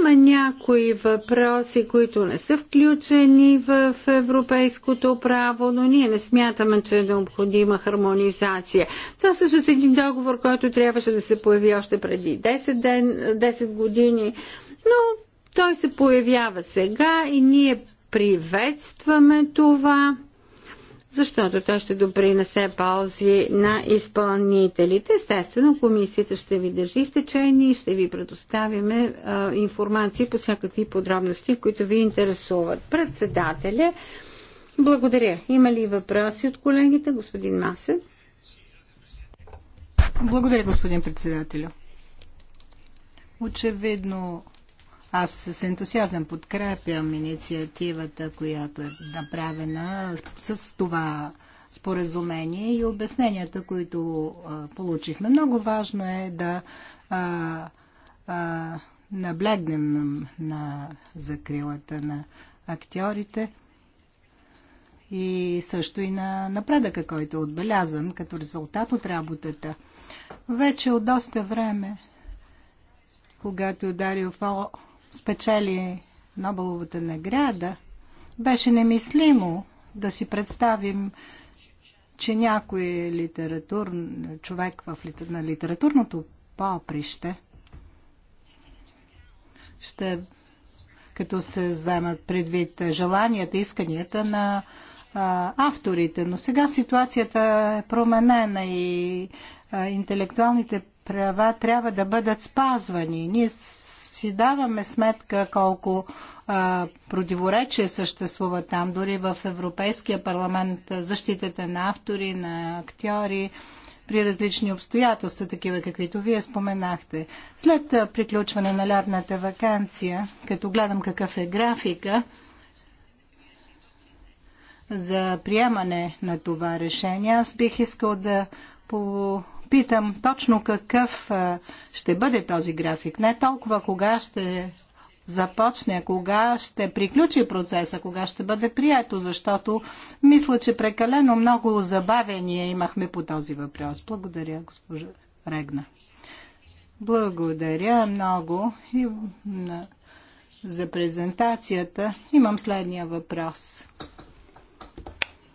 Има някои въпроси, които не са включени в европейското право, но ние не смятаме, че е необходима хармонизация. Това също е един договор, който трябваше да се появи още преди 10, ден, 10 години, но той се появява сега и ние приветстваме това защото той ще допринесе ползи на изпълнителите. Естествено, комисията ще ви държи в течение и ще ви предоставяме а, информации по всякакви подробности, които ви интересуват. Председателя, благодаря. Има ли въпроси от колегите, господин Масен? Благодаря, господин председателю. Очевидно аз с ентусиазъм подкрепям инициативата, която е направена с това споразумение и обясненията, които а, получихме. Много важно е да а, а, наблегнем на закрилата на актьорите и също и на напредъка, който е отбелязан като резултат от работата. Вече от доста време, когато Дарио Фо спечели Нобеловата награда, беше немислимо да си представим, че някой литератур, човек в, на литературното поприще ще като се вземат предвид желанията, исканията на а, авторите. Но сега ситуацията е променена и а, интелектуалните права трябва да бъдат спазвани. Ние си даваме сметка колко а, противоречие съществува там, дори в Европейския парламент, защитата на автори, на актьори, при различни обстоятелства, такива каквито вие споменахте. След а, приключване на лятната вакансия, като гледам какъв е графика за приемане на това решение, аз бих искал да по питам точно какъв ще бъде този график. Не толкова кога ще започне, кога ще приключи процеса, кога ще бъде прието, защото мисля, че прекалено много забавения имахме по този въпрос. Благодаря, госпожа Регна. Благодаря много и за презентацията. Имам следния въпрос.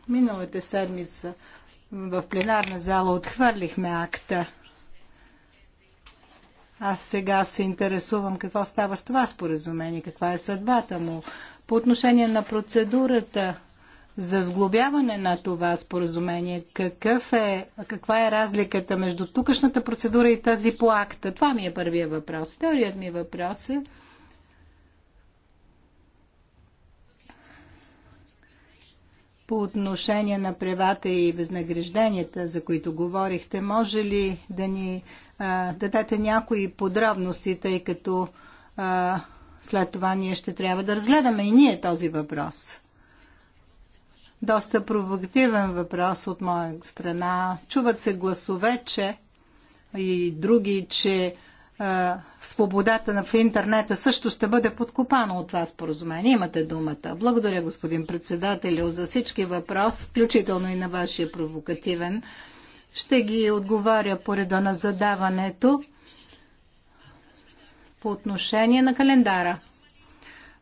Миналата седмица в пленарна зала отхвърлихме акта. Аз сега се интересувам какво става с това споразумение, каква е съдбата му. По отношение на процедурата за сглобяване на това споразумение, какъв е, каква е разликата между тукашната процедура и тази по акта? Това ми е първия въпрос. Вторият ми въпрос е, по отношение на правата и възнагражденията, за които говорихте, може ли да ни а, дадете някои подробности, тъй като а, след това ние ще трябва да разгледаме и ние този въпрос? Доста провокативен въпрос от моя страна. Чуват се гласове, че и други, че свободата в интернета също ще бъде подкопано от това споразумение. Имате думата. Благодаря, господин председателю, за всички въпрос, включително и на вашия провокативен. Ще ги отговаря по реда на задаването по отношение на календара.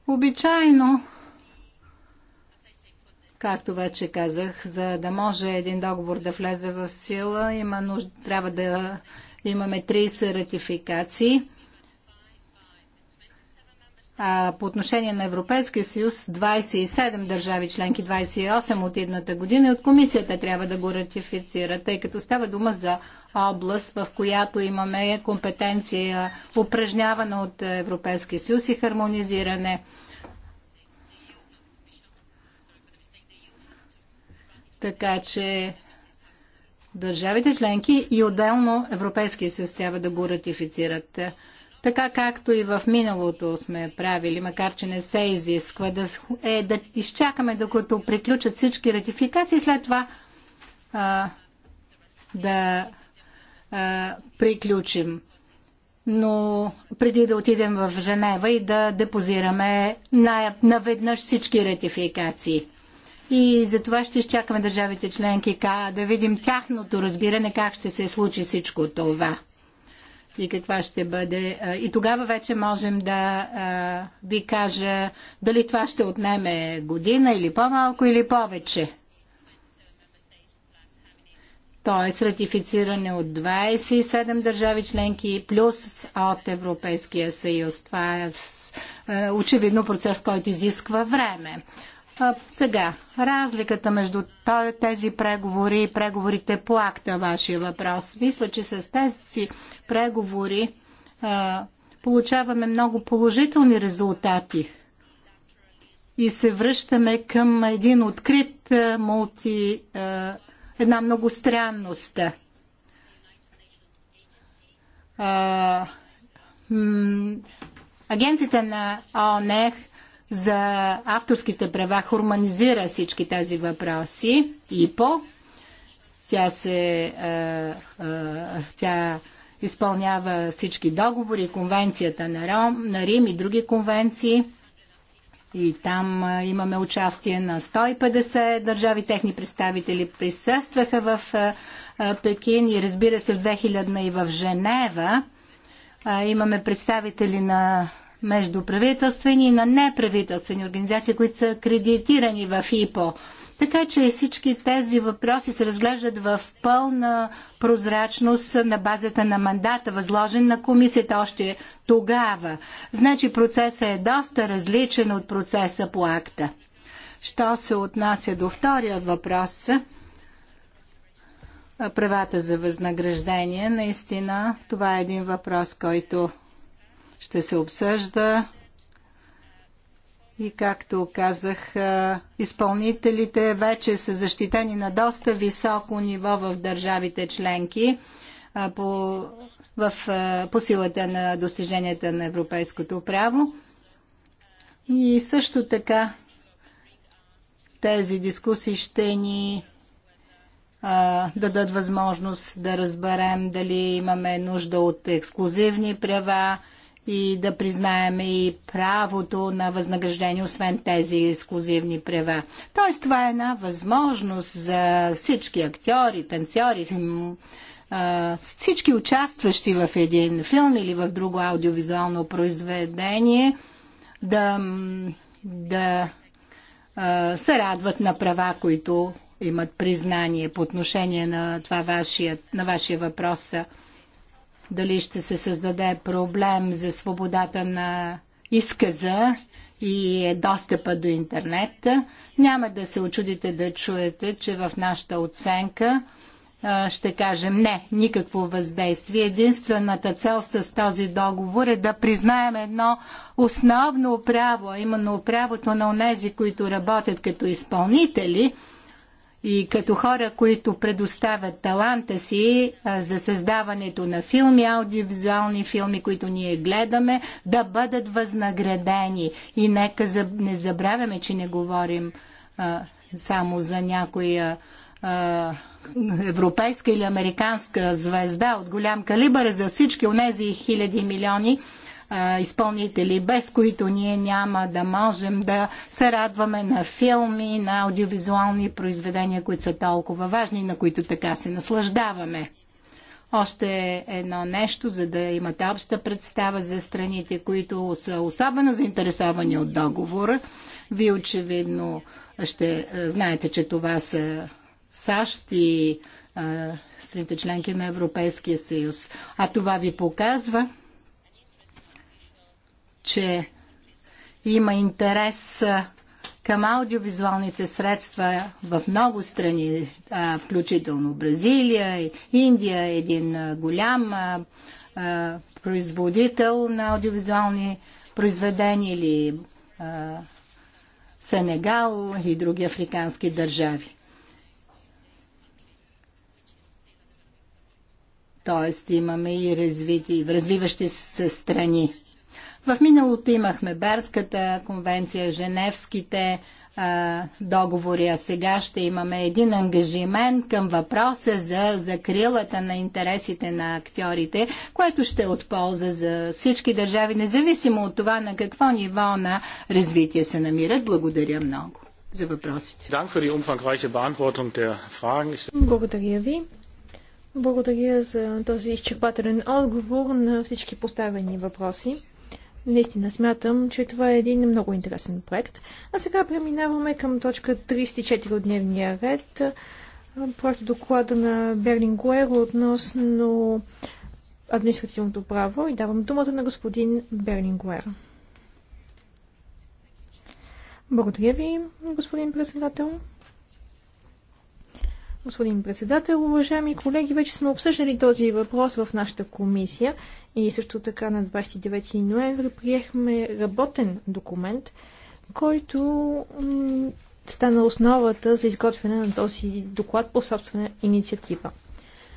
Обичайно, както вече казах, за да може един договор да влезе в сила, има нужда, трябва да Имаме 30 ратификации. А по отношение на Европейския съюз 27 държави членки, 28 от едната година и от комисията трябва да го ратифицира, тъй като става дума за област, в която имаме компетенция упражнявана от Европейския съюз и хармонизиране. Така че държавите членки и отделно Европейския съюз трябва да го ратифицират. Така както и в миналото сме правили, макар че не се изисква, да, е да изчакаме докато приключат всички ратификации, след това а, да а, приключим. Но преди да отидем в Женева и да депозираме наведнъж всички ратификации и за това ще изчакаме държавите членки да видим тяхното разбиране как ще се случи всичко това и каква ще бъде. И тогава вече можем да ви кажа дали това ще отнеме година или по-малко или повече. Тоест ратифициране от 27 държави членки плюс от Европейския съюз. Това е, е очевидно процес, който изисква време. А, сега, разликата между тези преговори и преговорите по акта, вашия въпрос. Мисля, че с тези преговори а, получаваме много положителни резултати и се връщаме към един открит мулти, една многостранност. Агенцията на ОНЕХ за авторските права хорманизира всички тези въпроси и по тя се а, а, тя изпълнява всички договори, конвенцията на, Ром, на Рим и други конвенции. И там а, имаме участие на 150 държави. Техни представители присъстваха в а, а, Пекин и разбира се в 2000 и в Женева. А, имаме представители на между правителствени и на неправителствени организации, които са кредитирани в ИПО. Така че всички тези въпроси се разглеждат в пълна прозрачност на базата на мандата, възложен на комисията още тогава. Значи процесът е доста различен от процеса по акта. Що се отнася до втория въпрос, правата за възнаграждение, наистина това е един въпрос, който ще се обсъжда и както казах, изпълнителите вече са защитени на доста високо ниво в държавите членки по, в, по силата на достиженията на европейското право. И също така тези дискусии ще ни а, дадат възможност да разберем дали имаме нужда от ексклюзивни права, и да признаем и правото на възнаграждение, освен тези ексклюзивни права. Тоест това е една възможност за всички актьори, танцори, всички участващи в един филм или в друго аудиовизуално произведение да, да се радват на права, които имат признание по отношение на това вашия, на вашия въпрос дали ще се създаде проблем за свободата на изказа и е достъпа до интернет. Няма да се очудите да чуете, че в нашата оценка ще кажем не, никакво въздействие. Единствената цел с този договор е да признаем едно основно право, а именно правото на онези, които работят като изпълнители – и като хора, които предоставят таланта си за създаването на филми, аудиовизуални филми, които ние гледаме, да бъдат възнаградени. И нека не забравяме, че не говорим а, само за някоя а, европейска или американска звезда от голям калибър, за всички тези хиляди милиони, изпълнители, без които ние няма да можем да се радваме на филми, на аудиовизуални произведения, които са толкова важни, на които така се наслаждаваме. Още едно нещо, за да имате обща представа за страните, които са особено заинтересовани от договора. Вие очевидно ще знаете, че това са САЩ и страните членки на Европейския съюз. А това ви показва, че има интерес към аудиовизуалните средства в много страни, включително Бразилия, Индия, един голям производител на аудиовизуални произведения или Сенегал и други африкански държави. Тоест имаме и развити, развиващи се страни. В миналото имахме Берската конвенция, Женевските а, договори, а сега ще имаме един ангажимент към въпроса за закрилата на интересите на актьорите, което ще е от полза за всички държави, независимо от това на какво ниво на развитие се намират. Благодаря много за въпросите. Благодаря ви. Благодаря за този изчерпателен отговор на всички поставени въпроси. Наистина смятам, че това е един много интересен проект. А сега преминаваме към точка 34 от дневния ред. Проект доклада на Берлин Гуер относно административното право и давам думата на господин Берлин Берлингуер. Благодаря ви, господин председател. Господин председател, уважаеми колеги, вече сме обсъждали този въпрос в нашата комисия и също така на 29 ноември приехме работен документ, който стана основата за изготвяне на този доклад по собствена инициатива.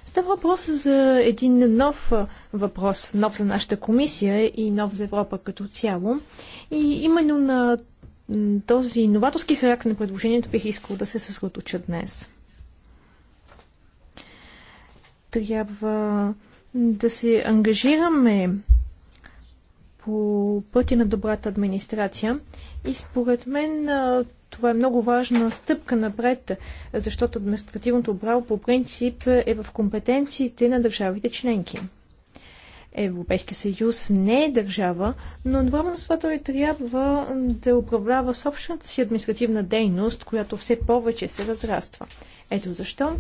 Става въпрос за един нов въпрос, нов за нашата комисия и нов за Европа като цяло. И именно на този новаторски характер на предложението бих искал да се съсредоточа днес. Трябва да се ангажираме по пътя на добрата администрация и според мен това е много важна стъпка напред, защото административното право по принцип е в компетенциите на държавите членки. Европейския съюз не е държава, но едновременно с това той трябва да управлява собствената си административна дейност, която все повече се разраства. Ето защо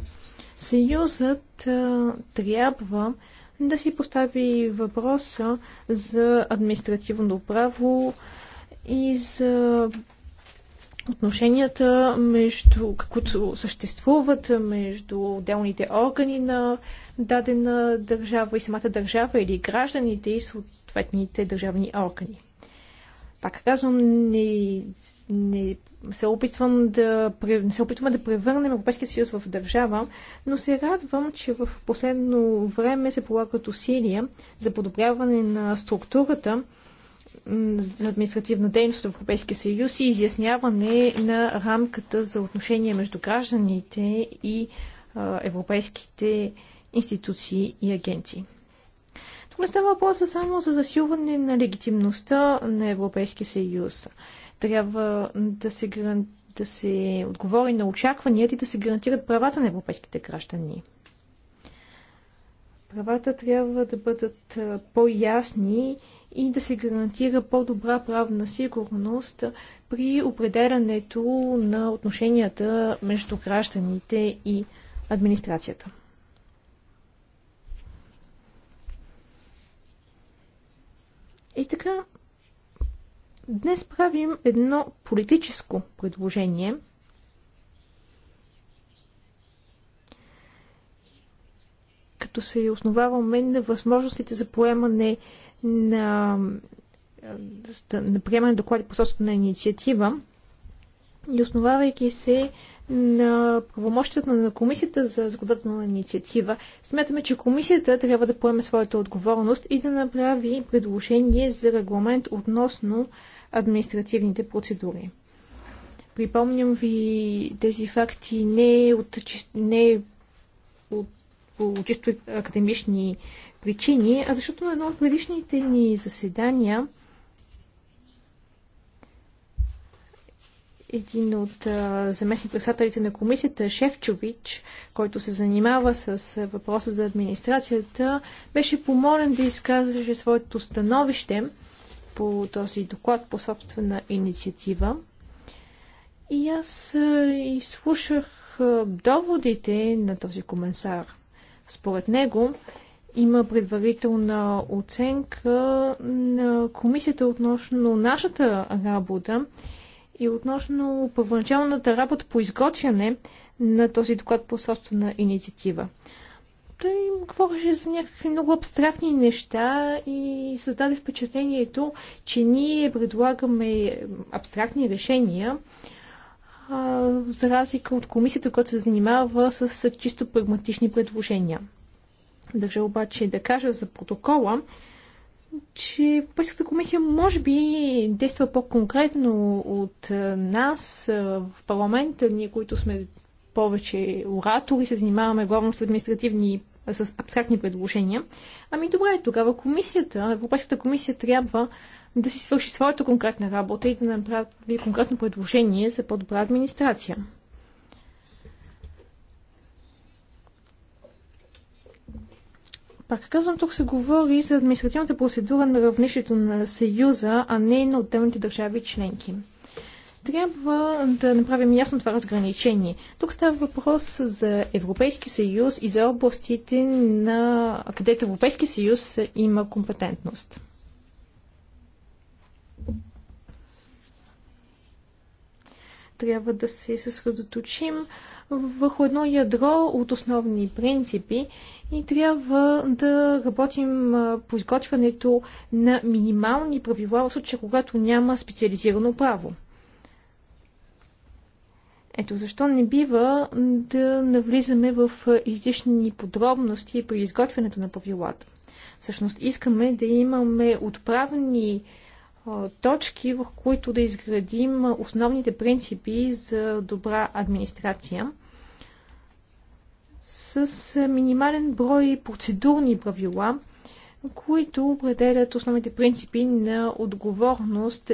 Съюзът а, трябва да си постави въпроса за административно право и за отношенията, между, които съществуват между отделните органи на дадена държава и самата държава или гражданите и съответните държавни органи. Пак казвам, не не се опитвам да, не се опитваме да превърнем Европейския съюз в държава, но се радвам, че в последно време се полагат усилия за подобряване на структурата за административна дейност в Европейския съюз и изясняване на рамката за отношение между гражданите и европейските институции и агенции. Тук не става въпроса само за засилване на легитимността на Европейския съюз. Трябва да се, да се отговори на очакванията и да се гарантират правата на европейските граждани. Правата трябва да бъдат по-ясни и да се гарантира по-добра правна сигурност при определянето на отношенията между гражданите и администрацията. И така, Днес правим едно политическо предложение. като се основаваме на възможностите за поемане на, на приемане доклади по собствена инициатива и основавайки се на правомощията на комисията за законодателна инициатива, смятаме, че комисията трябва да поеме своята отговорност и да направи предложение за регламент относно административните процедури. Припомням ви тези факти не от, не от по чисто академични причини, а защото на едно от предишните ни заседания един от заместник-председателите на комисията, Шефчович, който се занимава с въпроса за администрацията, беше помолен да изкаже своето становище по този доклад по собствена инициатива. И аз изслушах доводите на този комесар. Според него има предварителна оценка на комисията относно нашата работа и относно първоначалната работа по изготвяне на този доклад по собствена инициатива. Той говореше за някакви много абстрактни неща и създаде впечатлението, че ние предлагаме абстрактни решения, а, за разлика от комисията, която се занимава с, с чисто прагматични предложения. Държа обаче да кажа за протокола, че Европейската комисия може би действа по-конкретно от нас в парламента, ние, които сме повече оратори, се занимаваме главно с административни с абстрактни предложения. Ами добре, тогава комисията, Европейската комисия трябва да си свърши своята конкретна работа и да направи конкретно предложение за по-добра администрация. Пак казвам, тук се говори за административната процедура на равнището на Съюза, а не на отделните държави членки. Трябва да направим ясно това разграничение. Тук става въпрос за Европейски съюз и за областите, на... където Европейски съюз има компетентност. Трябва да се съсредоточим върху едно ядро от основни принципи и трябва да работим по изготвянето на минимални правила в случая, когато няма специализирано право. Ето защо не бива да навлизаме в излишни подробности при изготвянето на правилата. Всъщност искаме да имаме отправни точки, в които да изградим основните принципи за добра администрация с е, минимален брой процедурни правила, които определят основните принципи на отговорност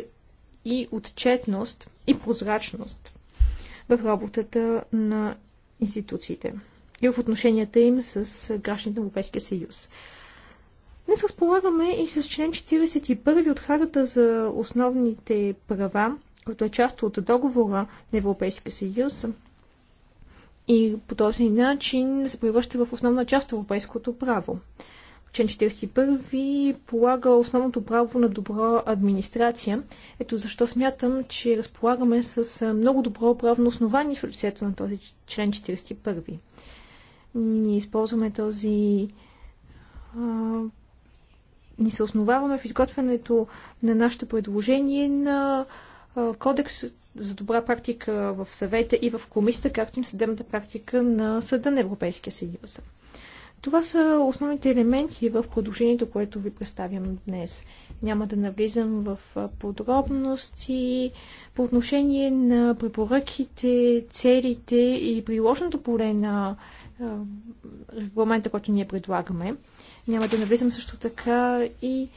и отчетност и прозрачност в работата на институциите и в отношенията им с е, гражданите на Европейския съюз. Днес разполагаме и с член 41 от Харата за основните права, който е част от договора на Европейския съюз, и по този начин се превръща в основна част от европейското право. Член 41 полага основното право на добра администрация. Ето защо смятам, че разполагаме с много добро правно основание в лицето на този член 41. Ние използваме този а, ни се основаваме в изготвянето на нашето предложение на кодекс за добра практика в съвета и в комисията, както и в съдебната практика на Съда на Европейския съюз. Това са основните елементи в продължението, което ви представям днес. Няма да навлизам в подробности по отношение на препоръките, целите и приложното поле на регламента, който ние предлагаме. Няма да навлизам също така и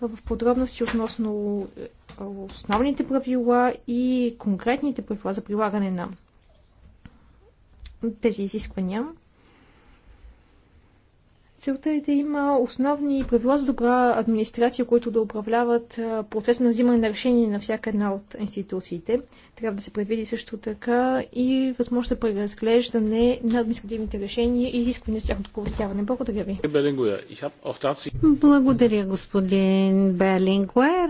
в подробности относно е, основните правила и конкретните правила за прилагане на тези изисквания. Целта е да има основни правила за добра администрация, които да управляват процес на взимане на решение на всяка една от институциите. Трябва да се предвиди също така и възможност за преразглеждане на административните решения и изискване с тяхното повестяване. Благодаря ви. Благодаря, господин Белингуер.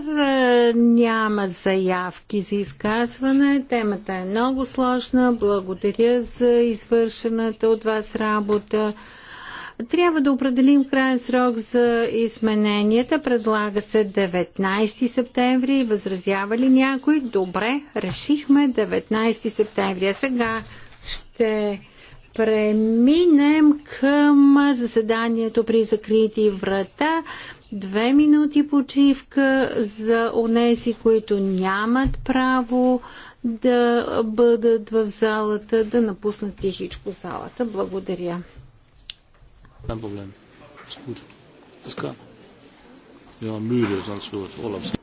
Няма заявки за изказване. Темата е много сложна. Благодаря за извършената от вас работа. Трябва да определим крайен срок за измененията. Предлага се 19 септември. Възразява ли някой? Добре, решихме 19 септември. А сега ще преминем към заседанието при закрити врата. Две минути почивка за онези, които нямат право да бъдат в залата, да напуснат тихичко залата. Благодаря. Kein Problem. Ist gut. Ist klar. Wir müde, sonst wird Urlaubs.